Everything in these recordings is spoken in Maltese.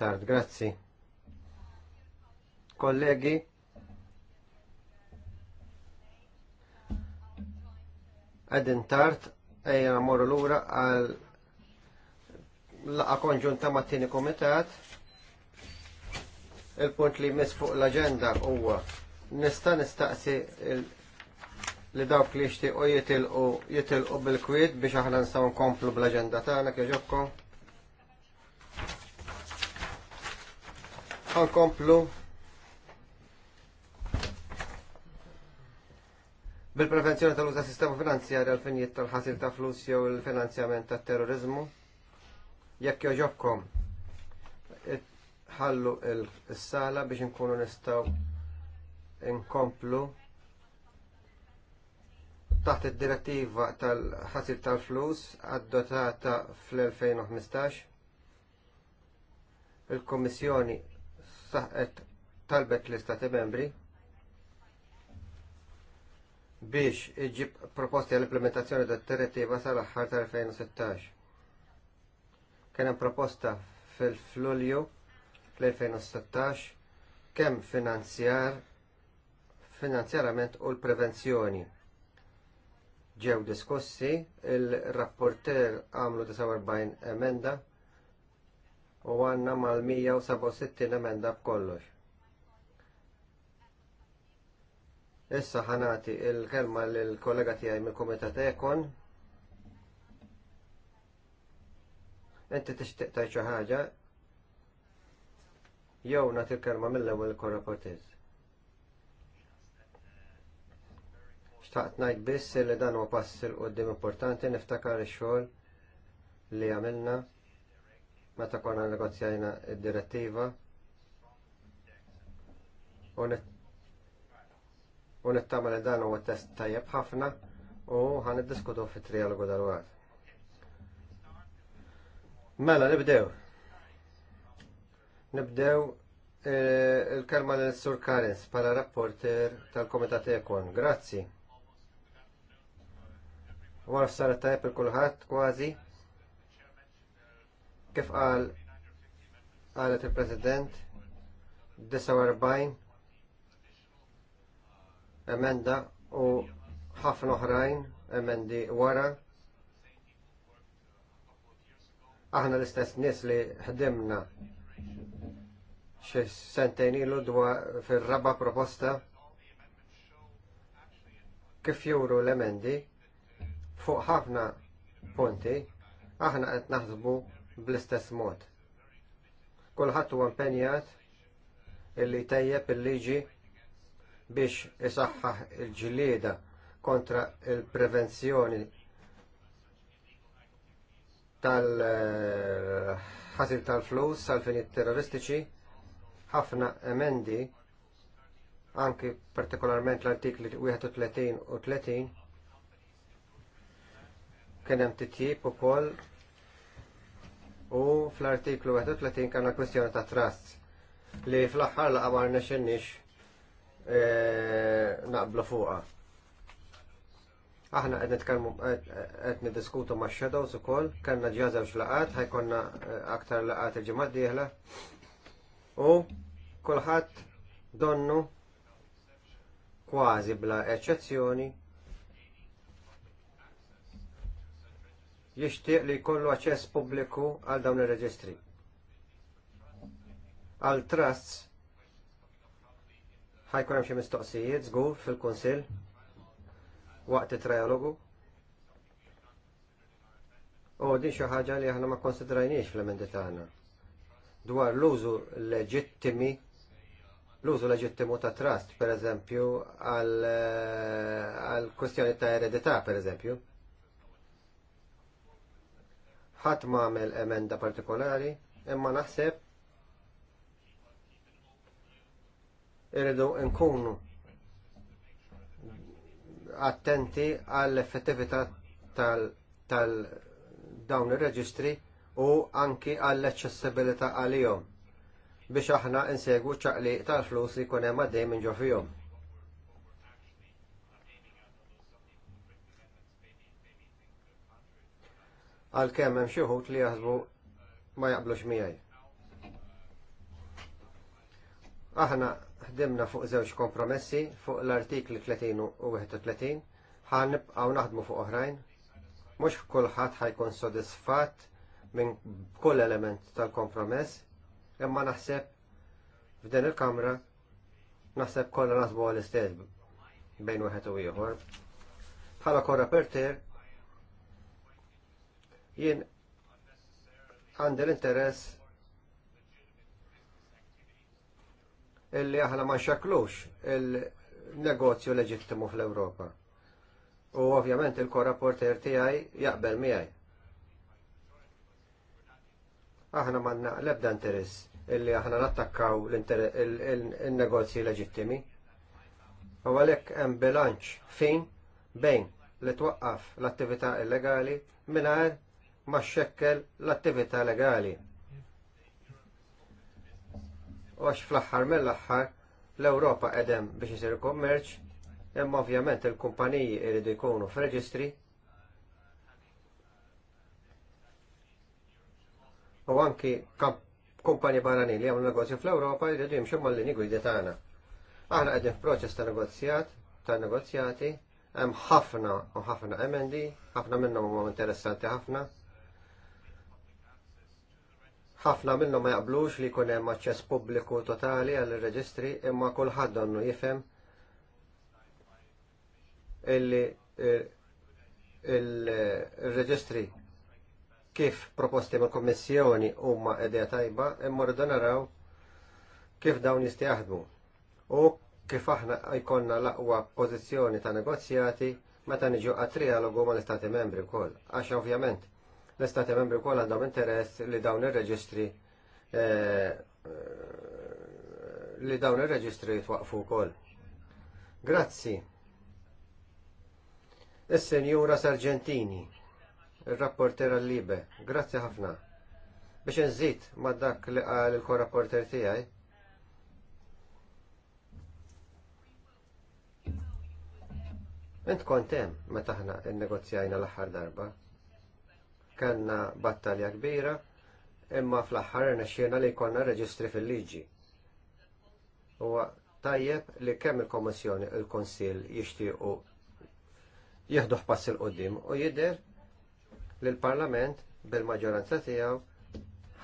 tard. Grazzi. Kollegi, għedin tard, ejja morru l-ura għal laqa konġunta mat tini komitat. Il-punt li mis fuq l-agenda huwa nista' nistaqsi li dawk li jixtiequ jitilqu jitilqu bil-kwiet biex aħna nistgħu nkomplu bl-aġenda tagħna kieġobkom. komplu bil-prevenzjoni tal-uż ta' sistema finanzjarja għal finijiet tal-ħasil ta' flus jew il-finanzjament ta' terrorizmu. Jekk joġobkom, ħallu il-sala biex nkunu nistaw inkomplu taħt id-direttiva tal-ħasil tal-flus addotata fl-2015. il komissjoni saħqet talbet l-istati membri biex iġib proposti għall-implementazzjoni tad direttiva sal-aħħar tal-2016. Kien hemm proposta fil-Flulju l-2016 kemm finanzjar finanzjarament u l-prevenzjoni. Ġew diskussi, il-rapporter għamlu 49 emenda u għanna mal-167 emenda b'kollox. Issa ħanati il-kelma l-kollega tiegħi mill komitat Ekon. Inti tixtieq tajt xi ħaġa jew nagħti l-kelma mill-ewwel korrapportiż. Xtaqt ngħid biss li dan huwa pass il qudiem importanti niftakar il xogħol li għamilna meta konna negozjajna id-direttiva u nittama li dan huwa test tajjeb ħafna u ħan iddiskutu fit trialogu dal Mela, nibdew. Nibdew eh, il-kelma l sur Karins pala rapporter tal-Komitat Ekon. Grazzi. Għarf saret tajjeb il-kulħat kważi. Kif qal qalet il-President 49 emenda u ħafna oħrajn emendi wara. Aħna l-istess nies li ħdimna xi sentejn ilu dwar fir-raba proposta kif juru l-emendi fuq ħafna punti aħna qed naħsbu bl-istess mod. Kulħadd huwa impenjat illi tejjeb il-liġi biex isaħħaħ il-ġlieda kontra il-prevenzjoni tal-ħasil tal-flus, tal-finit terroristiċi, ħafna emendi, anki partikolarment l-artikli 31 u 30, kienem titjib u koll u fl-artiklu 31 kanna kwestjoni ta' trust li fl-axħar la' għamar xennix e, naqblu fuqa. Aħna t-kalmu għedni diskutu ma' shadows su kol, kanna ġazaw xlaqat, ħajkonna e, aktar laqat il-ġemad diħla u kolħat donnu kważi bla eċezzjoni jixtieq li jkollu aċċess pubbliku għal dawn ir-reġistri. Għal trusts ħajkun hemm xi mistoqsijiet żgur fil-Kunsill waqt it-trialogu. U din xi ħaġa li aħna ma konsidrajniex fl-emendi tagħna dwar l-użu leġittimi l-użu leġittimu ta' trust, per eżempju, eh, għal kwestjoni ta' eredità, per eżempju ħadd m'għamel emenda partikolari, imma naħseb irridu nkunu attenti għall-effettività tal-dawn ir-reġistri u anki għall-accessibilità għalihom biex aħna insegwu ċaqliq tal-flus li jkun hemm għaddej minn ġo fihom. għalkemm hemm xi li jaħsbu ma jaqblux miegħi. Aħna ħdimna fuq żewġ kompromessi fuq l-artikli 30 u 31 ħa nibqgħu naħdmu fuq oħrajn. Mhux kulħadd ħajkun sodisfatt minn kull element tal-kompromess, imma naħseb f'din il-kamra naħseb kollha naħsbu għall-istess bejn wieħed u ieħor. Bħala korra perter jien għandi l-interess illi aħna ma xaklux il-negozju leġittimu fl-Ewropa. U ovvjament il-korrapporter tiegħi jaqbel miegħi. Aħna manna lebda interess illi aħna nattakkaw il-negozji leġittimi. U għalhekk hemm bilanċ fin bejn li twaqqaf l-attività illegali mingħajr ma xekkel l-attività legali. U għax fl-axħar mill-axħar l-Europa edem biex isir kommerċ, imma ovvjament il-kumpaniji iridu jkunu f'reġistri. U anki kumpanji barani li għamlu negozju fl-Europa jridu jimxu mal-lini gwidi tagħna. Aħna qegħdin f'proċess ta' negozjat, ta' negozjati, hemm ħafna u ħafna emendi, ħafna minnhom huma interessanti ħafna ħafna minnhom ma jaqblux li jkun hemm aċċess pubbliku totali għall reġistri imma kulħadd donnu jifhem illi il-reġistri kif proposti mill kommissjoni huma idea tajba imma rridu naraw kif dawn jistgħu jaħdmu u kif aħna jkollna l-aqwa pożizzjoni ta' negozjati meta niġu għat-trialogu mal istati membri wkoll għax ovvjament l-Istati membri wkoll għandhom interess li dawn ir-reġistri eh, eh, li dawn ir-reġistri twaqfu wkoll. Grazzi. Is-Senjura Sargentini, ir-rapporter għal-Libe, grazzi ħafna. Biex nżid ma' dak li qal il-korrapporter tiegħi. Ent kontem meta aħna nnegozjajna l-aħħar darba kellna battalja kbira, imma fl-aħħar rnexxielna li jkollna reġistri fil-liġi. Huwa tajjeb li kemm il-Kommissjoni il-Konsil jixtiequ jieħdu pass il qoddim u jidher li l-Parlament bil-maġġoranza tiegħu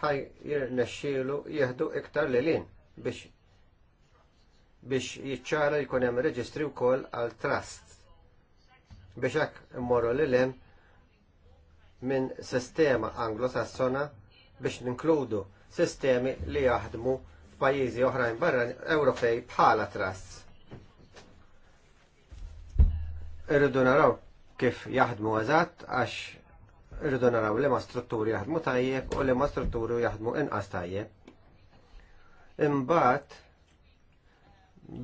ħaj jirnexxielu jieħdu iktar lilin biex biex jiċċara jkun hemm reġistri wkoll għal trust biex hekk immorru lil hemm minn sistema anglosassona biex ninkludu sistemi li jaħdmu f'pajjiżi oħrajn barra Ewropej bħala trusts. Irridu naraw kif jaħdmu eżatt għax irridu naraw li ma strutturi jaħdmu tajjeb u li ma strutturi jaħdmu inqas tajjeb. Imbagħad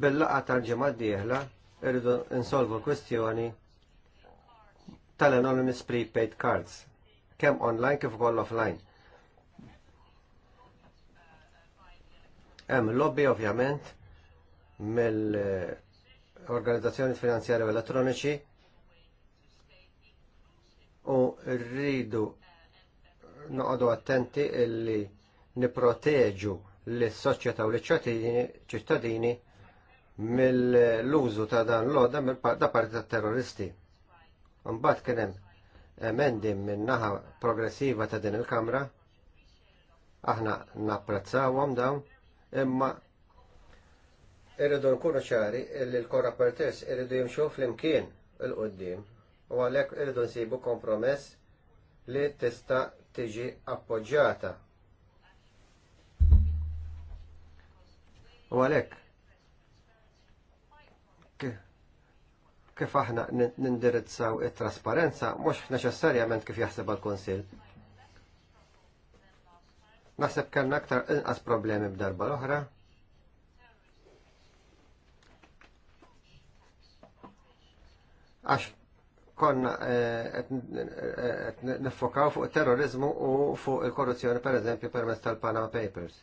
bil laqgħa tal-ġimgħa d-dieħla irridu insolvu l-kwestjoni tal-anonymous prepaid cards, kem online kif ukoll offline. Hemm lobby ovvjament mill-organizzazzjoni finanzjarju elettroniċi u rridu noqogħdu attenti illi niproteġu l-soċjetà u l-ċittadini mill-użu ta' dan l-oda da parti tat terroristi. Mbagħad kien hemm emendi min-naħa progressiva ta' din il-Kamra. Aħna napprezzawhom dawn, imma irridu nkunu ċari li l-korrapporters irridu jimxu flimkien il-qoddim u għalhekk irridu nsibu kompromess li tista' tiġi appoġġjata. U għalhekk kif aħna nindirizzaw it-trasparenza mhux neċessarjament kif jaħseb għall-Kunsill. Naħseb kellna aktar inqas problemi b'darba l-oħra. Għax konna eh, eh, nifokaw fuq terrorizmu u fuq il-korruzzjoni per eżempju permezz tal-Panama Papers.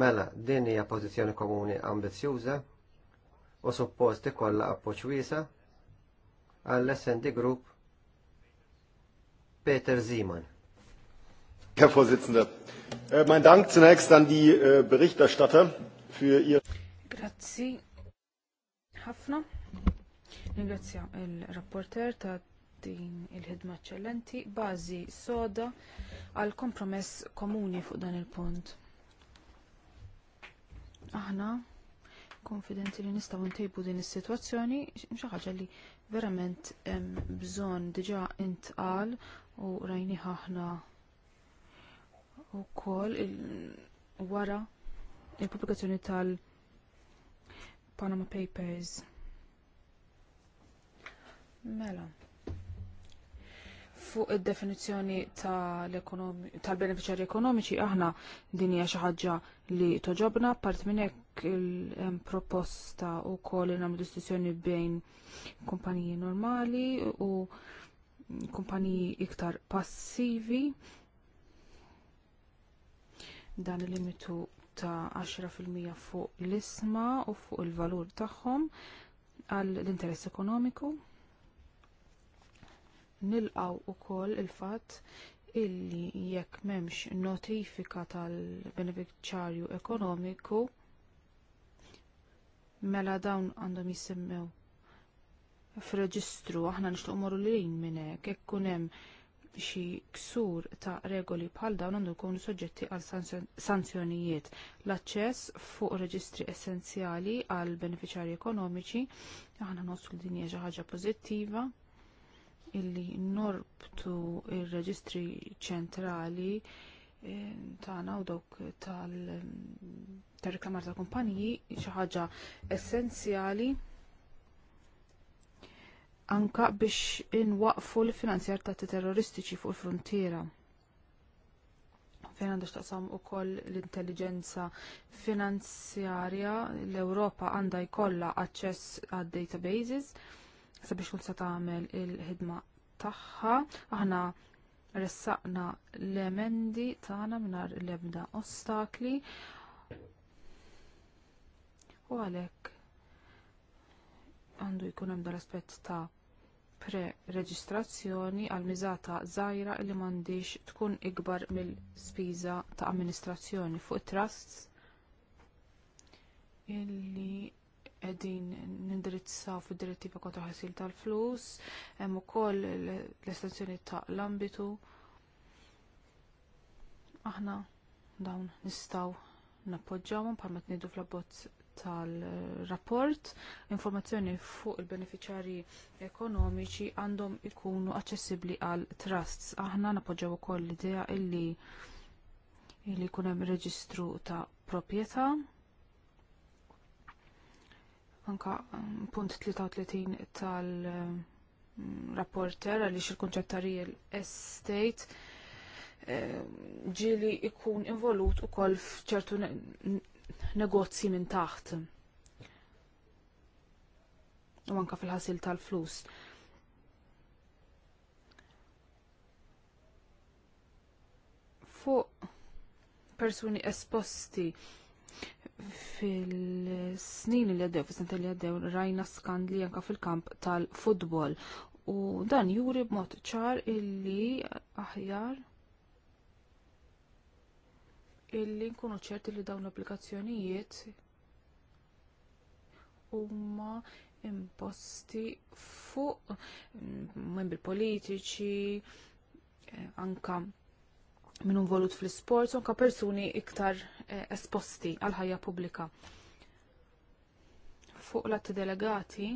Mela, din hija pożizzjoni komuni ambizzjuża u suppost ikollha appoġġ wiesa' għall-SND Group Peter Ziemann. Herr Vorsitzender, äh, mein Dank zunächst an die äh, Berichterstatter für ihr. Grazzi. Ħafna. Ringrazzja il-rapporter ta' din il-ħidma eccellenti, bażi soda għal kompromess komuni fuq dan il-punt. Aħna konfidenti li nistgħu ntejbu din is-sitwazzjoni xi ħaġa li verament hemm bżonn diġà intqal u rajni aħna wkoll wara il-pubblikazzjoni tal-Panama Papers. Mela. Fuq id-definizzjoni tal-beneficjari ekonomiċi aħna din hija xi ħaġa li toġobna part minn hekk il-proposta wkoll li nagħmlu distinzjoni bejn kumpaniji normali u kumpaniji iktar passivi dan il-limitu ta' 10% fuq l-isma u fuq il-valur tagħhom għall interess ekonomiku nilqaw ukoll il-fatt illi jekk m'hemmx notifika tal-beneficjarju ekonomiku mela dawn għandhom jissemmew f'reġistru aħna nixtieq morru lejn minn hekk jekk kun hemm xi ksur ta' regoli bħal dawn għandu jkunu soġġetti għal sanzjonijiet. L-aċċess fuq reġistri essenzjali għal beneficjarji ekonomiċi aħna nostru din hija xi ħaġa pożittiva illi norbtu r il reġistri ċentrali eh, tagħna u dawk tal-reklamar tal kumpaniji xi ħaġa essenzjali anka biex inwaqfu l-finanzjar ta' terroristiċi fuq il-frontiera. Fejn għandax taqsam ukoll l-intelligenza finanzjarja l-Ewropa għandha jkollha aċċess għad databases sabiex kulsa tagħmel il-ħidma tagħha. Aħna ressaqna l-emendi tagħna mingħajr l-ebda ostakli. U għalhekk għandu jkun hemm l aspett ta' pre-reġistrazzjoni għal miżata żgħira li m'għandix tkun ikbar mill-spiża ta' amministrazzjoni fuq it-trusts illi qegħdin nindirizzaw fid-direttiva kontra ħasil tal-flus, hemm ukoll l-estensjoni ta' l-ambitu. Aħna dawn nistgħu nappoġġawhom bħalma tniedu fl-abbozz tal-rapport, informazzjoni fuq il-beneficjari ekonomiċi għandhom ikunu aċċessibbli għal trusts. Aħna nappoġġaw ukoll l-idea illi illi jkun hemm reġistru ta' proprjetà anka mm, punt 33 tal-rapporter għaliex il-konċett ta' real estate eh, ġili ikun involut ukoll f'ċertu negozji minn taħt u anka fil-ħasil tal-flus. Fuq persuni esposti fil-snin li għaddew, fil-snin li għaddew, rajna skandli anka fil-kamp tal-futbol. U dan juri b'mod ċar illi aħjar illi nkunu ċerti li dawn l-applikazzjonijiet huma imposti fuq membri politiċi eh, anka minn involut fl-sport, anka persuni iktar eh, esposti għal ħajja pubblika. Fuq l delegati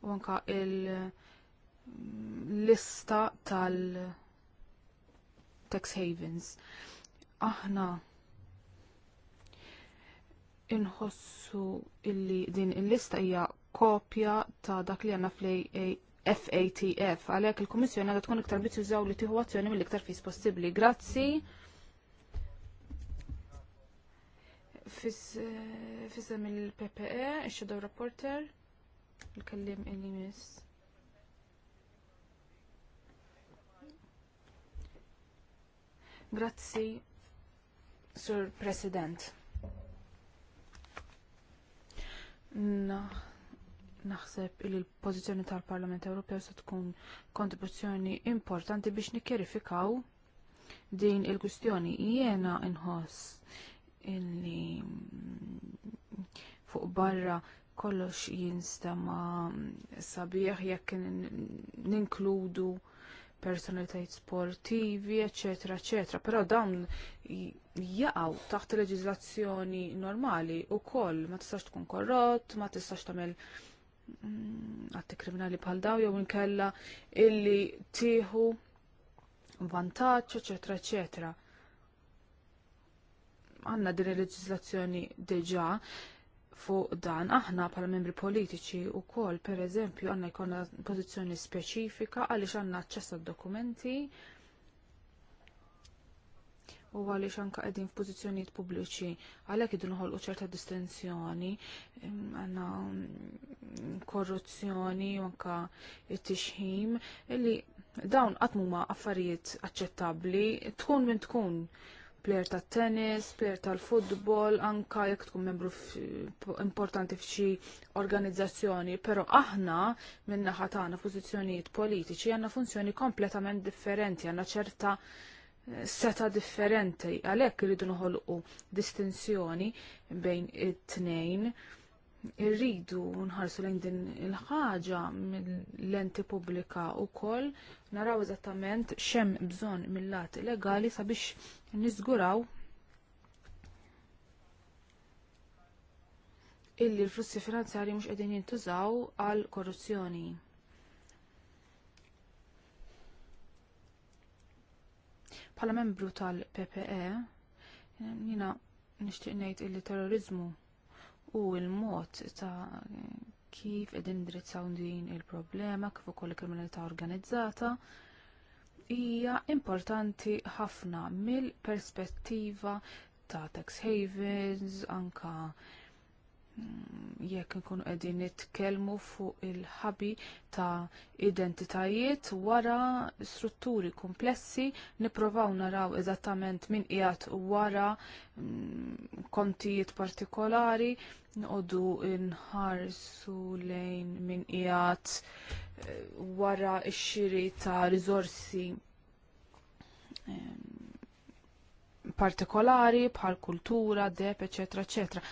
u anka il-lista mm, tal-tax havens. Aħna inħossu illi din il-lista hija kopja ta' dak li għanna fl FATF, għalhekk il-Kummissjoni għadha tkun iktar jużaw li tieħu azzjoni mill-iktar fis possibbli. Grazzi. Fisem eh, il-PPE, il-Shadow Reporter, il-kellim il-Limis. Grazzi, Sur President. Naħ. No naħseb li l-pożizzjoni tal-Parlament Ewropew se tkun kontribuzzjoni importanti biex nikkjerifikaw din il-kwistjoni. Jiena inħoss illi fuq barra kollox jinstema' sabiħ jekk ninkludu personalitajiet sportivi, eccetera, eccetera. Però dawn jaqaw taħt leġiżlazzjoni normali u koll ma tistax tkun korrott, ma tistax tagħmel għatti mm, kriminali bħal daw jew inkella illi tieħu vantaġġ, eċetera, eċetera. Għanna din il-leġizlazzjoni deġa fuq dan aħna bħala membri politiċi u kol, per eżempju, għanna jkonna pozizjoni speċifika għaliex għanna ċess dokumenti u għaliex anke qegħdin f'pożizzjonijiet pubbliċi għalhekk idu noħolqu ċerta distenzjoni, għandna mm, korruzzjoni u anke t-tixħim illi dawn qatt huma affarijiet aċċettabbli tkun minn tkun plejer tat tennis, plejer tal-futbol, anka jekk tkun membru importanti f'xi organizzazzjoni, però aħna minna ħatana tagħna politiċi għandna funzjoni kompletament differenti, għandna ċerta seta differenti, għalhekk irridu noħolqu distinzjoni bejn it-tnejn, irridu nħarsu lejn din il-ħaġa mill enti pubblika wkoll naraw eżattament xemm bżonn mill-lat legali sabiex niżguraw illi l-flussi finanzjarji mhux qegħdin jintużaw għal korruzzjoni. Bħala membru tal-PPE, jina nishtiq ngħid illi terrorizmu u l-mod ta' kif qegħdin indirizzaw din il-problema kif ukoll il-kriminalità organizzata hija importanti ħafna mill-perspettiva ta' tax havens, anka jekk nkunu qegħdin nitkellmu fuq il-ħabi ta' identitajiet wara strutturi komplessi nipprovaw naraw eżattament min qiegħed wara mm, kontijiet partikolari noqogħdu nħarsu lejn min qiegħed eh, wara x-xiri ta' riżorsi partikolari bħal kultura, deb, eċetera, eċetera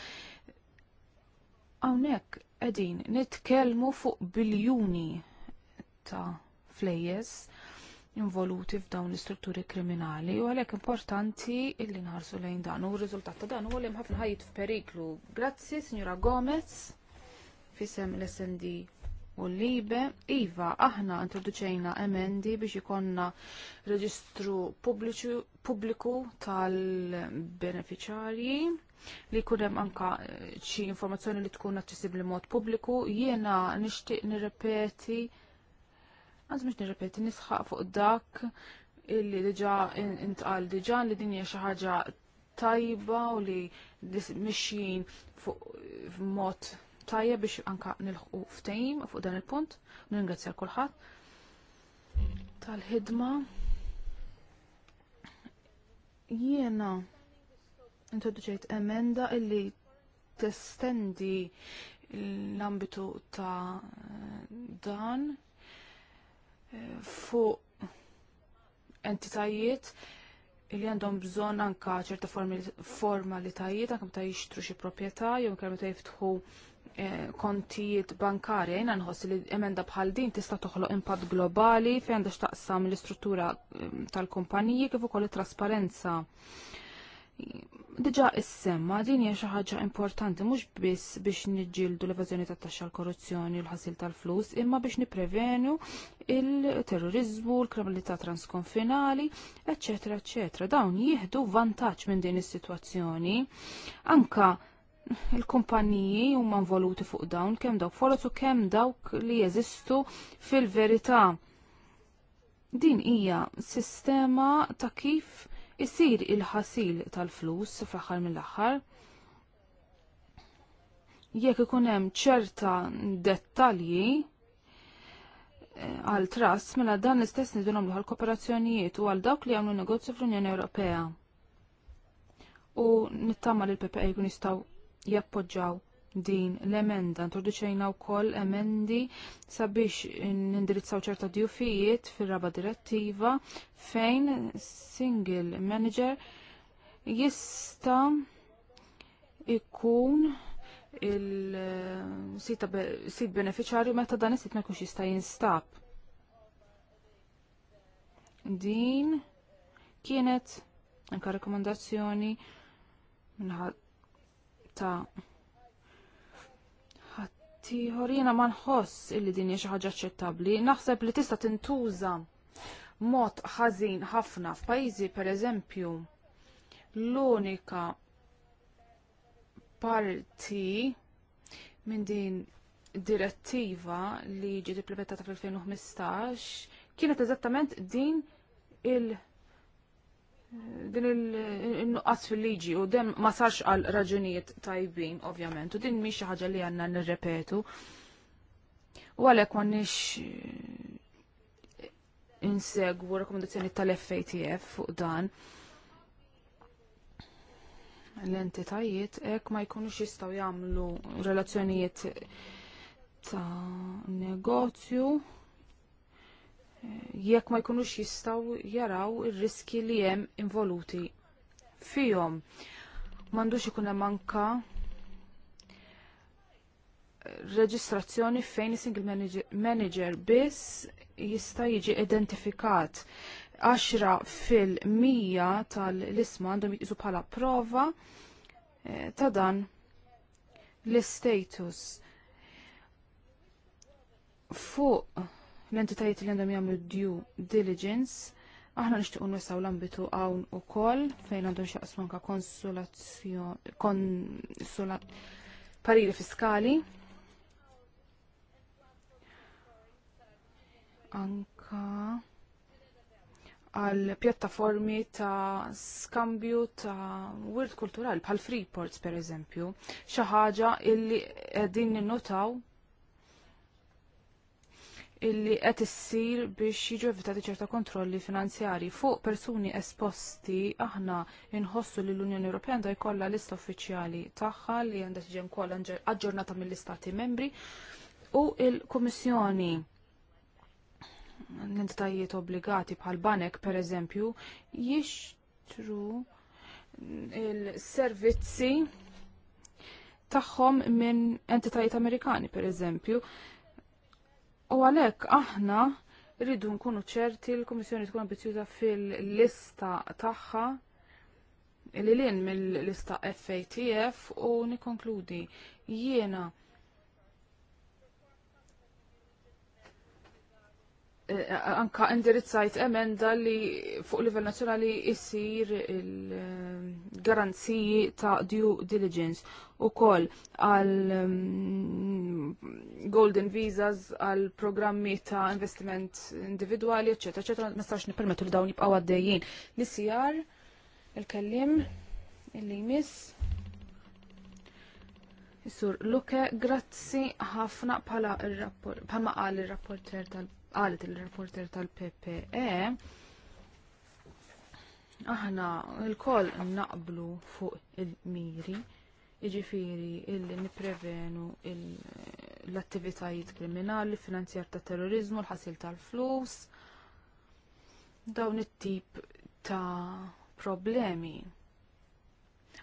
Hawnhekk qegħdin nitkellmu fuq biljuni ta' flejjes involuti f'dawn l-istrutturi kriminali u għalhekk importanti illi nħarsu lejn dan u r-riżultat ta' dan huwa għalek ħafna ħajt f'periklu. Grazzi, signora Gomez, fisem l-SND u l libe, iva, aħna introduċejna emendi biex jikonna reġistru pubbliku tal-beneficjarji li jkun hemm anka eh, xi informazzjoni li tkun aċċessibbli mod pubbliku. Jiena nixtieq nirrepeti għaz mhux nirrepeti nisħaq fuq dak illi diġà intqal diġà li din hija xi ħaġa tajba u li mixjin fuq mod tajja biex anka nilħu ftejm fuq dan il-punt, ningrazzja kulħadd tal-ħidma. Jiena introduċejt emenda illi testendi l-ambitu ta' dan eh, fuq entitajiet illi għandhom bżon anka ċerta formalitajiet, anka meta jixtru xi proprjetà jew kemm meta jiftħu eh, kontijiet bankarja jina nħoss li emenda bħal din tista' toħloq impatt globali fejn għandha x'taqsam l-istruttura eh, tal-kumpaniji kif ukoll it-trasparenza. Diġa is-semma din hija xi ħaġa importanti mhux biss biex niġġieldu l-evażjoni tat-taxxa l-korruzzjoni l-ħasil tal-flus, imma biex nipprevenu il-terrorizmu, l-kriminalità transkonfinali, eċċetera, eċċetera. Dawn jieħdu vantaġġ minn din is-sitwazzjoni. Anka il-kumpaniji huma involuti fuq dawn kemm dawk foros u kemm dawk li jeżistu fil-verità. Din hija sistema ta' kif isir il-ħasil tal-flus fl-aħħar mill-aħħar. Jekk ikun hemm ċerta dettalji eh, għal trust mela dan l-istess nidu nagħmlu għal kooperazzjonijiet u għal dawk li għamlu negozju fl-Unjoni Ewropea. U nittama li l-PPA e jkun jistaw jappoġġaw din l-emenda. Introduċejna wkoll emendi sabiex nindirizzaw ċerta djufijiet fir-raba direttiva fejn single manager jista ikun il-sit sit beneficjarju meta dan is-sit ma jkunx jista' jinstab. Din kienet anka rekomendazzjoni minħabba ta' tiħor jiena ma nħoss illi din hija xi ħaġa aċċettabbli, naħseb li tista' tintuża mod ħażin ħafna f'pajjiżi pereżempju l-unika parti minn din direttiva li ġiet implementata fl-2015 kienet eżattament din il- din il-nuqqas fil-liġi u dem ma sarx għal raġunijiet tajbin, ovvjament, u din miex ħaġa li għanna nirrepetu. U għalek għannix eh, insegwu rekomendazzjoni tal-FATF fuq dan l-entitajiet ek ma jkunux jistaw jamlu relazzjonijiet ta' negozju jekk ma jkunux jistaw jaraw ir-riski li hemm involuti fihom. M'għandux ikun manka eh, reġistrazzjoni fejn single manager, bis biss jista' jiġi identifikat 10 fil-100 tal-isma għandhom jizu bħala prova eh, ta' dan l-status fuq l-entitajiet li għandhom jagħmlu due diligence, aħna nixtiequ nwesaw l-ambitu hawn ukoll fejn għandhom xaqsmu anke konsulazzjoni pariri fiskali. Anka għal pjattaformi ta' skambju ta' wirt kulturali bħal Freeports per eżempju, xi ħaġa illi qegħdin ninnotaw illi qed issir biex jiġu evitati ċerta kontrolli finanzjari fuq persuni esposti aħna inħossu li l-Unjoni Ewropea għandha jkollha lista uffiċjali tagħha li għandha tiġi wkoll aġġornata mill-istati membri u l-Kummissjoni l-entitajiet obbligati bħal banek pereżempju jixtru il-servizzi tagħhom minn entitajiet Amerikani pereżempju. eżempju U għalhekk aħna rridu nkunu ċerti l komissjoni tkun ambizjuża fil-lista tagħha li lin mill-lista FATF u nikonkludi jiena Eh, anka indirizzajt emenda li fuq livell nazzjonali jissir il-garanziji ta' due diligence u kol għal mm, golden visas, għal programmi ta' investiment individuali, eccetera, Ma nistax nipermetu li dawni jibqaw għaddejjien. Nisijar, il-kellim, il-li jmiss. Luke, grazzi ħafna pala il-rapport, pama għal il-rapporter tal qalet il-reporter tal-PPE, aħna l-koll naqblu fuq il-miri, iġifiri illi niprevenu l-attivitajiet kriminali, finanzjar ta' terrorizmu, l-ħasil tal-flus, dawn it-tip ta' problemi.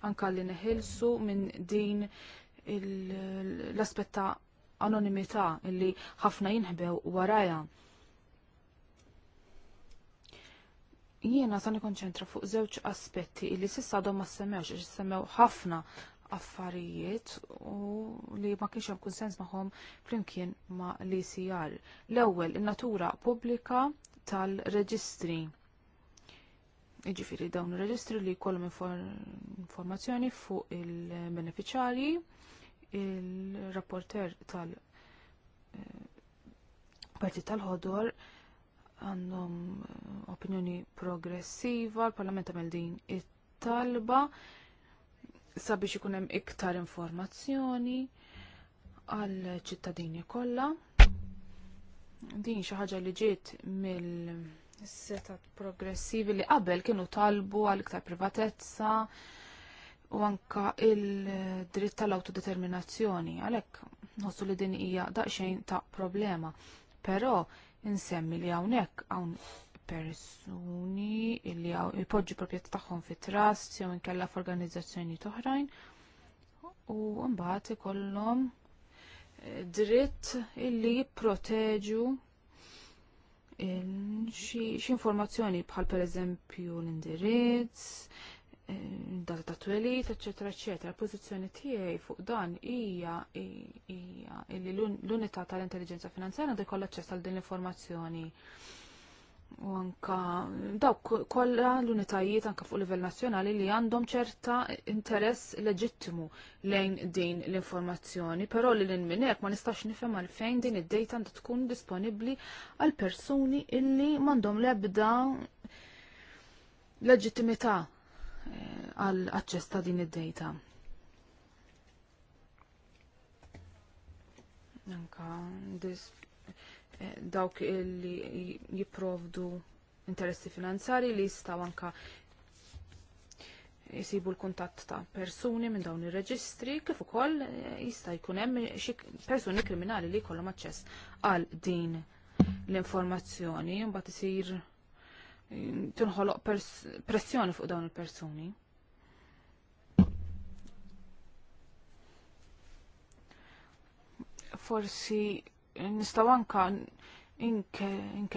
Anka li neħilsu minn din l-aspetta anonimità illi ħafna jinħbew warajha. Jiena sani nikkonċentra fuq żewġ aspetti illi sissa għadhom ma semmewx għax semmew ħafna affarijiet u li ma kienx hemm kunsens magħhom flimkien ma' l-ICR. L-ewwel in-natura pubblika tal-reġistri. Jiġifieri dawn ir-reġistri li jkollhom informazzjoni fuq il-beneficjarji il-rapporter tal-Partit eh, tal-ħodor għandhom eh, opinjoni progressiva, l-Parlament għamil din it-talba sabiex ikun hemm iktar informazzjoni għal ċittadini kollha. Din xi ħaġa li ġiet mill-setat progressivi li qabel kienu talbu għal iktar privatezza, u anka il-dritt tal-autodeterminazzjoni, għalhekk nħossu li din hija daqsxejn ta' problema. Però insemmi li hawnhekk hawn persuni li jpoġġu proprjetà tagħhom fi trust jew inkella f'organizzazzjoni oħrajn u mbagħad ikollhom eh, dritt illi jipproteġu xi informazzjoni bħal pereżempju l-indirizz, Eh, data ta' twelit, eccetera, eccetera. Pożizzjoni tiegħi fuq dan hija hija li l-unità tal-intelligenza finanzjarja għandha jkollha aċċess għal din l-informazzjoni. U anka dawk kollha l-unitajiet anka fuq livell nazzjonali li għandhom ċerta interess leġittimu lejn din l-informazzjoni, però li lin minn hekk ma nistax nifhem għalfejn din id-dejta għandha tkun disponibbli għal persuni illi m'għandhom l-ebda leġittimità Eh, għal aċċess ta' din id-data. Anka eh, dawk li jiprovdu interessi finanzari li jistaw anka jisibu l-kuntatt ta' persuni minn dawn ir-reġistri kif ukoll eh, jista' jkun hemm xi persuni kriminali li jkollhom aċċess għal din l-informazzjoni mbagħad isir tinħoloq pressjoni fuq dawn il-persuni. Forsi nistaw anka inke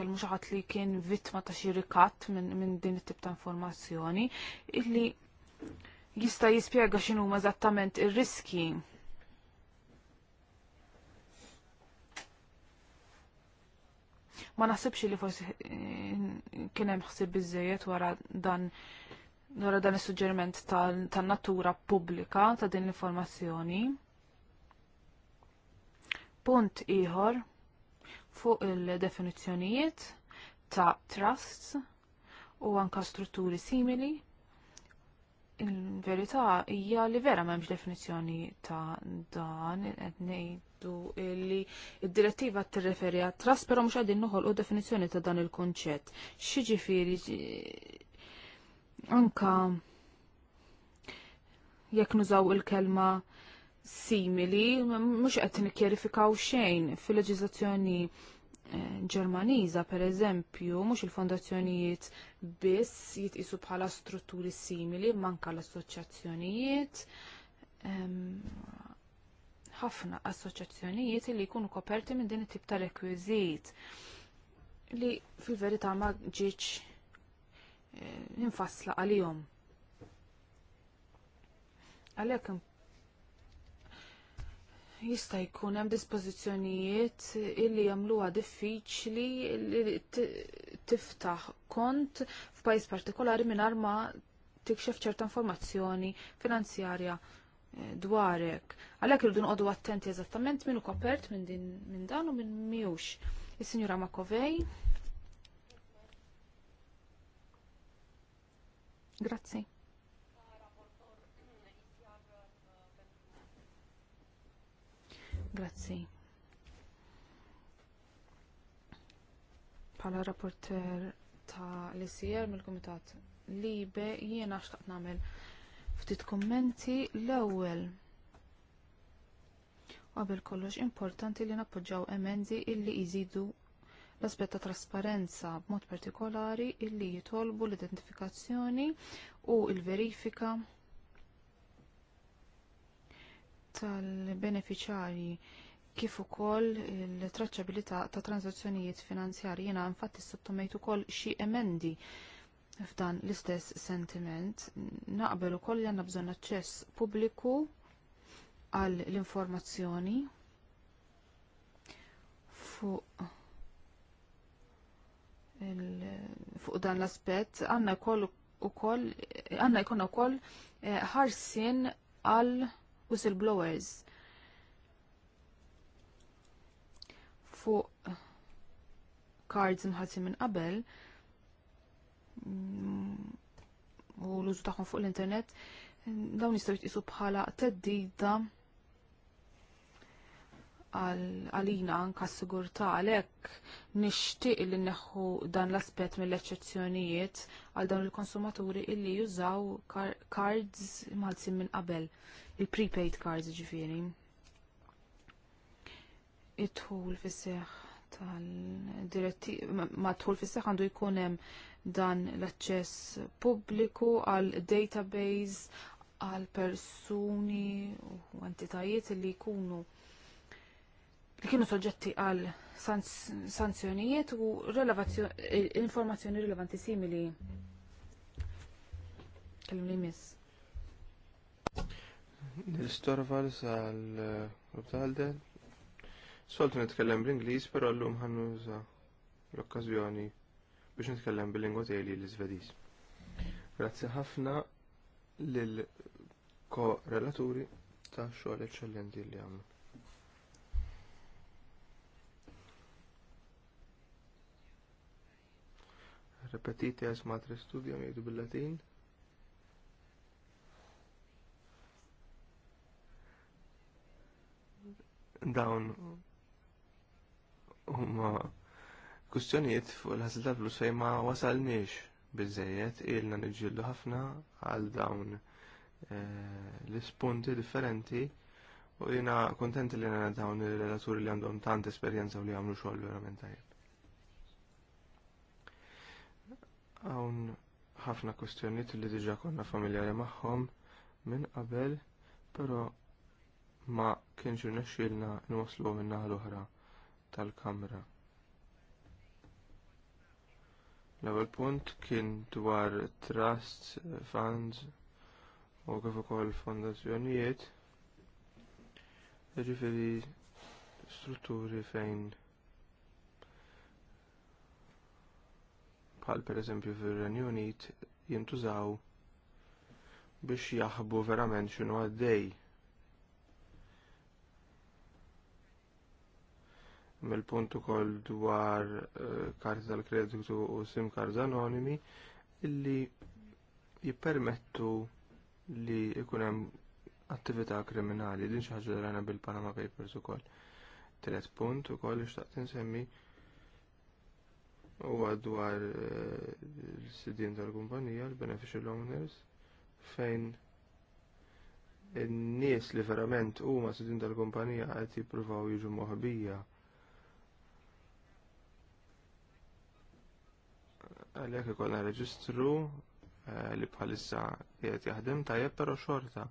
l ħadd li kien vittma ta' xi minn min din it-tip ta' informazzjoni illi jista' jispjega x'inhuma eżattament ir-riski ma naħsibx li forsi eh, kien hemm ħsieb biżejjed wara dan wara dan is-suġġeriment tan-natura pubblika ta' din l-informazzjoni. Punt ieħor fuq il-definizzjonijiet ta' trusts u anka strutturi simili. Il-verità hija li vera m'hemmx definizzjoni ta' dan qed ngħid ngħidu li id direttiva tirreferi għat-tras, però mhux nuħol noħolqu definizjoni ta' dan il-kunċett. X'jiġifieri anka jekk nużaw il-kelma simili, mhux qed nikkjerifikaw xejn fil-leġiżlazzjoni eh, Ġermaniża per eżempju, mhux il-fondazzjonijiet biss jitqisu bħala strutturi simili, manka l assoċazzjonijiet ħafna assoċjazzjonijiet li jkunu koperti minn din it-tip ta' rekwiżit li fil-verità ma ġietx eh, infassla għalihom. Għalhekk jista' jkun hemm dispożizzjonijiet illi jagħmluha diffiċli li tiftaħ kont f'pajjiż partikolari mingħajr ma tikxef ċerta informazzjoni finanzjarja dwarek. Għalhekk irridu nqogħdu attenti eżattament minu kopert minn din minn dan u minn miux. Is-Sinjura Makovej. Grazzi. Grazzi. Pala rapporter ta' l-ICR e mill-Komitat Libe jiena xtaqt namel ftit kummenti l-ewwel. Qabel kollox importanti li nappoġġaw emendi illi jżidu l-aspett ta' trasparenza b'mod partikolari illi jitolbu l-identifikazzjoni u l-verifika tal benefiċjarji kif ukoll il-traċċabilità ta' transazzjonijiet finanzjarji jiena infatti sottomejt ukoll xi emendi f'dan l-istess sentiment, naqbel ukoll li għandna bżonn aċċess pubbliku għal l-informazzjoni fuq fuq dan l-aspett għandna jkollna ukoll jkun eh, ħarsien għall għal whistleblowers fuq cards mħassi minn qabel l-użu tagħhom fuq l-internet dawn jistgħu jitqisu bħala teddida għalina anka s-sigurta għalek nishtiq li neħu dan l-aspet mill-eċezzjonijiet għal dawn il-konsumaturi illi jużaw cards mħalsin minn qabel, il-prepaid cards ġifiri. it fis seħħ tal-direttiva, ma tħul fis-seħ għandu jkun hemm dan l-aċċess pubbliku għal database għal persuni u entitajiet li jkunu li kienu soġġetti għal sanzjonijiet u informazzjoni rilevanti simili. Kellim li miss. Nistorval għal eh, grupp Soltu nitkellem bl-Inglis, pero l-lum ħannuża l-okkazjoni biex nitkellem bil-lingwa tiegħi l-Iżvediż. Grazzi ħafna lil ko ta' xogħol eċċellenti li għamlu. Repetiti għas matri studio jgħidu bil-Latin. Dawn huma um, Kwistjonijiet fuq il-ħasil ta' flus ma wasalniex biżejjed ilna niġġieldu ħafna għal dawn eh, l-ispunti differenti u jiena kontent li għana dawn il-relaturi li għandhom tant esperjenza u li għamlu xogħol verament tajjeb. Hawn ħafna kwistjonijiet li diġà konna familjari magħhom minn qabel, però ma kienx irnexxielna nwaslu min-naħa l-oħra tal-kamra L-ewwel punt kien dwar trust funds u kif ukoll fondazzjonijiet. Jiġifieri strutturi fejn bħal pereżempju fir-Renju Unit jintużaw biex jaħbu verament x'inhu għaddej mill-punt ukoll dwar eh, karti tal-kreditu u sim cards anonimi illi jippermettu li jkun hemm attività kriminali din xi ħaġa rana bil-Panama Papers ukoll. Tret punt ukoll xtaqt insemmi huwa dwar l-sidien eh, tal-kumpanija, l-beneficial owners, fejn in-nies li verament huma sidin tal-kumpanija qed jippruvaw jiġu moħbija għalhekk ikollna reġistru eh, li bħalissa qiegħed jaħdem tajjeb però xorta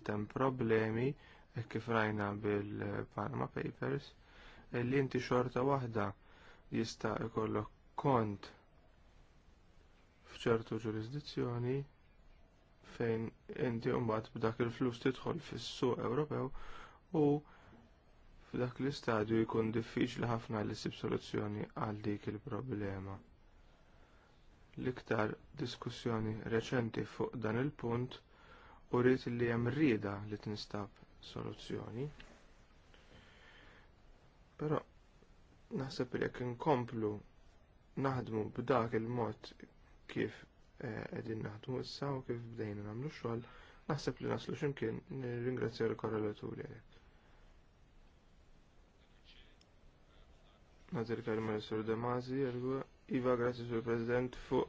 għad hemm problemi eh, kif rajna bil-Panama Papers eh, li inti xorta waħda jista' jkollok kont f'ċertu ġurisdizzjoni fejn inti mbagħad b'dak il-flus tidħol fis Ewropew u f'dak l-istadju jkun diffiċli ħafna li ssib soluzzjoni għal dik il-problema. L-iktar diskussjoni reċenti fuq dan il-punt u rrit li hemm rieda li tinstab soluzzjoni. Però naħseb li jekk inkomplu naħdmu b'dak il-mod kif eh, qegħdin naħdmu issa u kif bdejna nagħmlu xogħol, naħseb li naslu x'imkien nirringrazzja l-korrelaturi għalhekk. Nadir kalma l-sur Damazi, għalwa Iva, grazie Sur President, fuq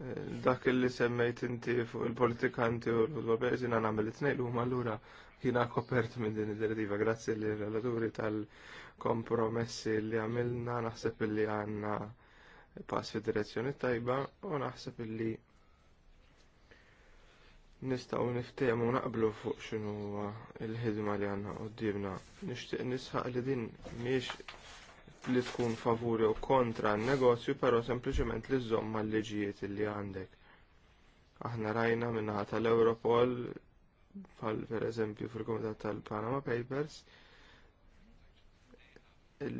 eh, dak li semmejt inti fuq il-politikanti u l-futbol bejżina namel it-tnejn u allura jina kopert minn din id-direttiva. Grazzi li relaturi tal-kompromessi li għamilna, naħseb li għanna pass fi direzzjoni tajba u naħseb li nistaw niftemu naqblu fuq xinu il-ħidma li għanna u d-dibna. Nishtiq nisħaq li din miex li tkun favuri u kontra n-negozju, pero sempliciment li żomm mal liġijiet li għandek. Aħna rajna minnaħa tal-Europol, pereżempju per eżempju fil-Komitat tal-Panama Papers,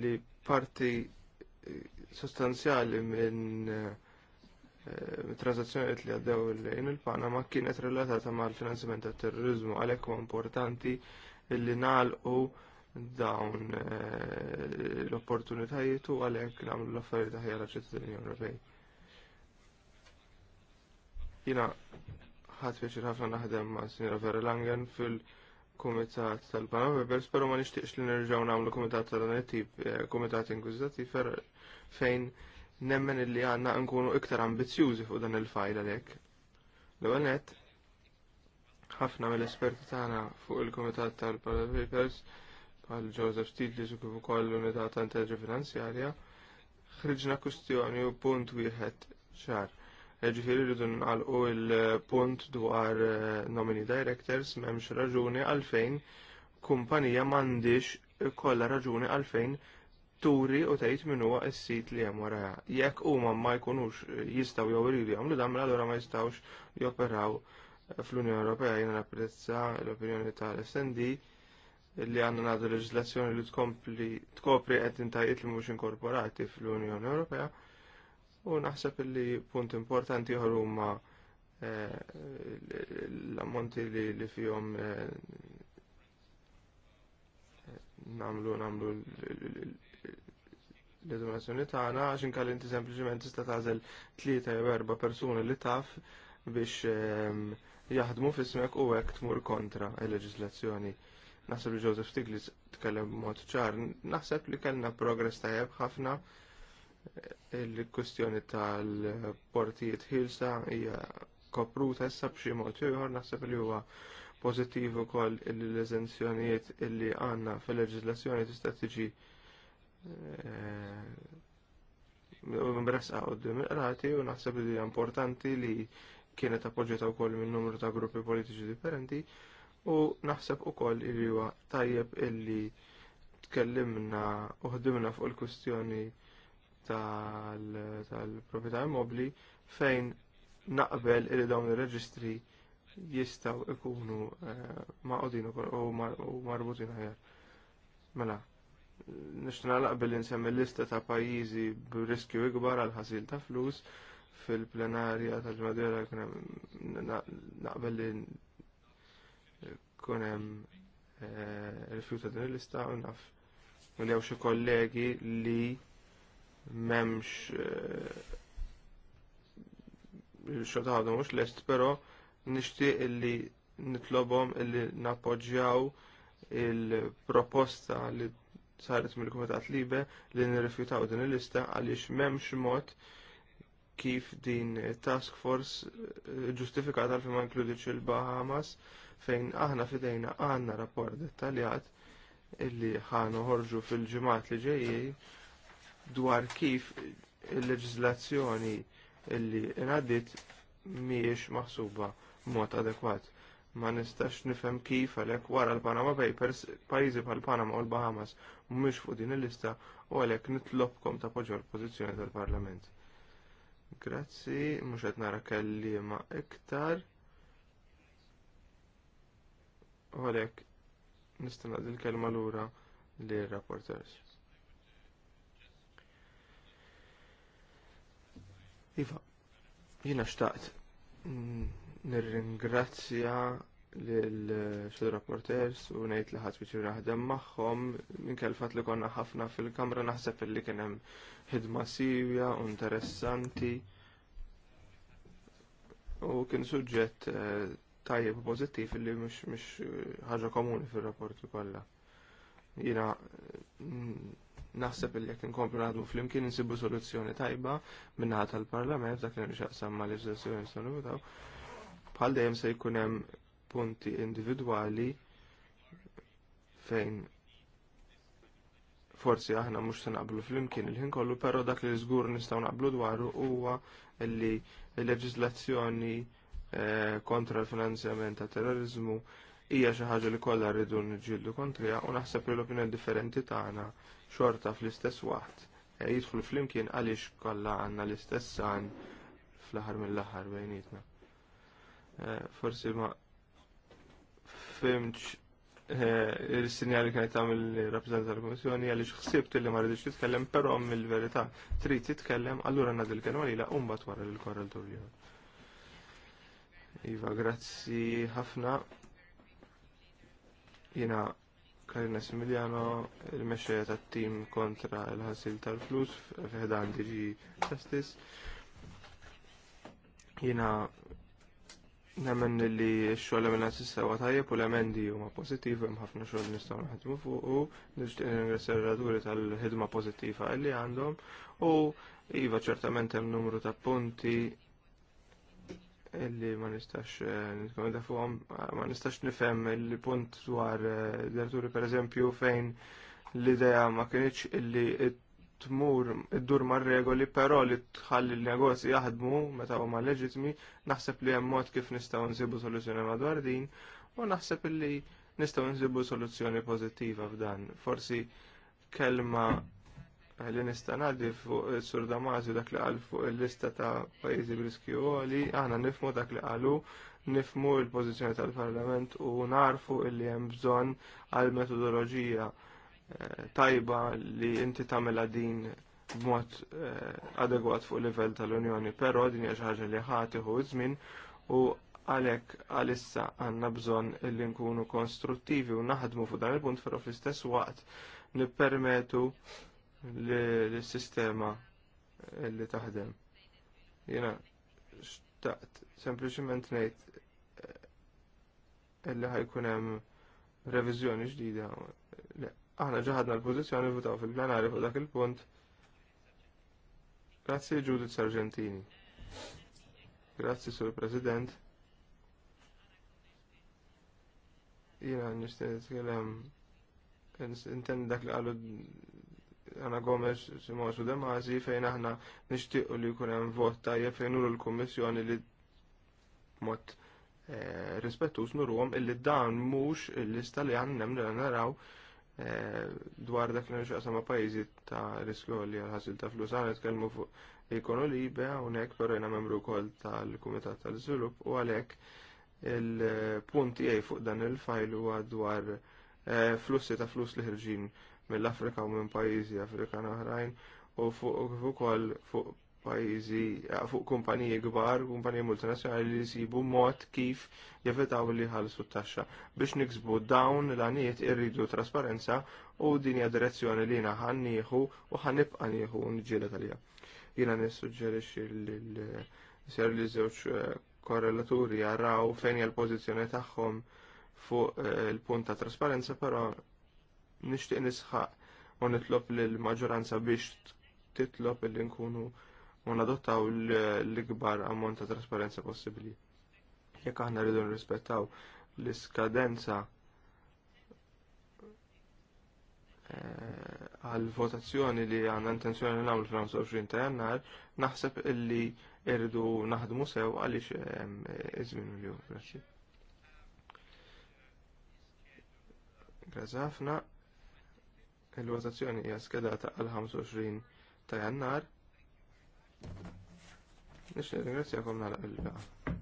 li parti eh, sostanzjali minn eh, transazzjoniet li għaddew lejn il-Panama kienet relatata mal finanzjament tat terrorizmu għalhekk huwa importanti li nagħlqu dawn eh, l-opportunitajiet u għalhekk nagħmlu l-affarijiet aħjar ċittadini Ewropej. Jiena ħadd ħafna naħdem ma' Sinjora Verlangen fil-Kumitat tal-Panama Papers, però ma nixtieqx li nerġgħu nagħmlu kumitat tal dan tip eh, kumitat inkwiżittiv fejn nemmen illi għandna nkunu iktar ambizzjużi fuq dan il-fajl għalhekk. L-ewwel nett ħafna mill-esperti tagħna fuq il-Kumitat tal-Panama Papers għal Joseph Stiglitz u kif ukoll l-Unità ta' Intelliġi Finanzjarja, ħriġna kustjoni u punt wieħed ċar. Ġifieri rridu nqalqu l punt dwar eh, nomini directors m'hemmx raġuni għalfejn kumpanija m'għandix kollha raġuni għalfejn turi u tgħid min huwa s-sit li hemm wara. Jekk huma ma jkunux jistgħu jew iridu jagħmlu dan mela allura ma jistgħux joperaw fl-Unjoni Ewropea jiena napprezza l-opinjoni tal-SND Illi għanna nagħdu leġislazzjoni li tkompli tkopri qed intajiet li mhux inkorporati fl-Unjoni Ewropea u naħseb illi punt importanti ieħor huma eh, l-ammonti li fihom eh, namlu namlu l-edunazzjoni tagħna għax inkal inti sempliċement tista' tagħżel tlieta jew erba' persuni li taf biex eh, jaħdmu fismek u hekk tmur kontra l-leġislazzjoni naħseb li Joseph Stiglitz tkellem mod ċar, naħseb li kellna progress tajjeb ħafna il-kustjoni tal-portijiet ħilsa hija kopruta issa b'xi mod ieħor naħseb li huwa pożittiv ukoll l-eżenzjonijiet illi għandna fil-leġiżlazzjoni tista' tiġi eh, mbresqa qudiem il-qrati u naħseb li hija importanti li kienet appoġġjata wkoll minn numru ta' gruppi politiċi differenti u naħseb ukoll koll huwa tajjeb illi tkellimna u ħdimna fuq il-kustjoni tal-proprjetà immobli fejn naqbel illi dawn ir-reġistri jistaw ikunu eh, maqodin u marbutin ħajar. Mela, nixtuna naqbel nsemmi lista ta' pajjiżi b'riskju ikbar għal ħasil ta' flus fil-plenarja tal-ġmadera naqbel li kunem eh, rifjuta din il-lista u naf u li xi kollegi li memx eh, xoħta għadhom mux lest, pero nishti illi nitlobom illi napoġġjaw il-proposta li saret mill-Kumitat Libe li nirrifjutaw din il-lista għaliex m'hemmx mod kif din task force eh, ġustifikata għal ma inkludiċ il-Bahamas fejn aħna fidejna għandna rapport dettaljat illi ħanu ħorġu fil-ġimgħat li ġejjin dwar kif il-leġiżlazzjoni illi inaddit mhijiex maħsuba b'mod adekwat. Ma nistax nifhem kif għalhekk wara l-Panama Papers pajjiżi bħal Panama u l-Bahamas mhumiex fuq din il-lista u għalhekk nitlobkom ta' poġor pożizzjoni tal-Parlament. Grazzi, mhux qed nara kelliema iktar. U għalhekk nista' kelma l-kelma lura lir rapporters Iva, jiena xtaqt nirringrazzja l xil rapporters u ngħid li ħadd biċi naħdem magħhom minkell fatt li konna ħafna fil-kamra naħseb li kien hemm ħidma sivja u interessanti u kien suġġett eh, tajjeb u pozittiv li mhux eh, ħaġa komuni fir-rapporti kollha. Jiena mm, naħseb li jekk inkomplu naħdmu flimkien insibu soluzzjoni tajba minnaħa tal-Parlament dak li nixaqsam ma' leġiżlazzjoni solutaw. Bħal dejjem se jkun hemm punti individwali fejn forsi aħna mhux se naqblu flimkien il-ħin kollu, però dak li żgur nistgħu naqblu dwaru huwa li l-leġiżlazzjoni Eh, kontra l-finanzjament ta' terrorizmu hija xi ħaġa li kollha rridu niġġieldu kontriha u naħseb li l-opinjoni differenti tagħna xorta fl-istess waħt e, jidħlu flimkien għaliex kollha għandna l-istess san fl-aħħar mill-aħħar bejnietna. Eh, forsi ma fimx eh, il-sinjal li kienet tagħmel rappreżentant tal-Kummissjoni għaliex ħsibt li ma rridux titkellem, però mill-verità trid titkellem, allura nagħdil kelma lilha u mbagħad wara lill-korreltur Iva, grazzi ħafna. Jena Karina Similiano il-mexxejja tat-tim kontra l-ħasil tal-flus f'ħedan diġi Justice. Jena nemmen li x-xogħol li minna tajjeb u l-emendi huma pożittivi hemm ħafna xoħl nistaw naħdmu fuq u nixtieq ningrassja r tal-ħidma pożittiva li għandhom u iva ċertament hemm numru ta' punti Illi ma nistax eh, nitkomenda fuqhom, eh, ma nistax nifhem il-punt dwar diretturi eh, pereżempju fejn l-idea ma kienx illi tmur id-dur mar regoli però li tħalli l-negozji jaħdmu meta huma leġitmi, naħseb li hemm mod kif nistgħu nsibu soluzzjoni madwar din u naħseb li nistgħu nsibu soluzzjoni pożittiva f'dan. Forsi kelma li nistanaddi fuq sur Damasi dak li qal fuq il-lista ta' pajjiżi b'riskju għoli, aħna nifmu dak li qalu, nifmu l-pożizzjoni tal-Parlament u narfu li hemm bżonn għal metodoloġija eh, tajba li inti tagħmilha din b'mod eh, adegwat fuq livell tal-Unjoni, però din hija xi ħaġa li ħatiħu żmien u għalhekk għalissa għandna bżonn li nkunu konstruttivi u naħdmu fuq dan il-punt però fl-istess waqt nippermetu l-sistema li taħdem. Jena, xtaqt, sempliciment nejt eh, illi ħajkunem revizjoni ġdida. Aħna ġaħadna l-pożizzjoni votaw fil-plenari fuq dak il-punt. Grazzi Judith Sargentini. Grazzi Sur President. Jena, nixtieq nitkellem intendi dak li qalu Anna Gomes, Simosu Demazi, fejn aħna nixtiequ li jkun hemm vot tajjeb fejn uru l-Kummissjoni li mod eh, rispettus nurhom illi dan mhux il-lista li għandna li naraw eh, dwar dak li nixqasam ma' pajjiżi ta' riskju li għal-ħasil ta' flus għan nitkellmu fuq ikonu libe hawnhekk però jiena membru wkoll tal-Kumitat tal-Iżvilupp u għalhekk il punti għaj fuq dan il-fajl huwa dwar eh, flussi ta' flus li ħirġin mill-Afrika u minn pajjiżi Afrikan oħrajn u fuq kol fuq pajjiżi eh, fuq kumpaniji kbar, kumpaniji multinazzjonali li jsibu mod kif jevitaw li ħalsu t-taxxa. Biex niksbu dawn l-għaniet irridu trasparenza u din hija direzzjoni li jiena ħannieħu u ħanibqa' nieħu nġiela talija. Jiena nissuġġerixxi l-ser li żewġ eh, korrelaturi jaraw fejn hija l-pożizzjoni tagħhom fuq eh, il-punt trasparenza, però nixtieq nisħaq u nitlob lill maġġoranza biex titlob li nkunu u nadottaw l-ikbar ammont ta' trasparenza possibbli. Jekk aħna rridu nrispettaw l-iskadenza eh, għal votazzjoni li għandna intenzjoni nagħmlu fl-25 ta' jannar, naħseb illi irridu naħdmu sew għaliex eh, iżmin milju. Grazie. Grazzi ħafna. Il-votazzjoni hija skedata għal 25 ta' jannar. Nix nirringrazzjakom nagħlaq il-laqa.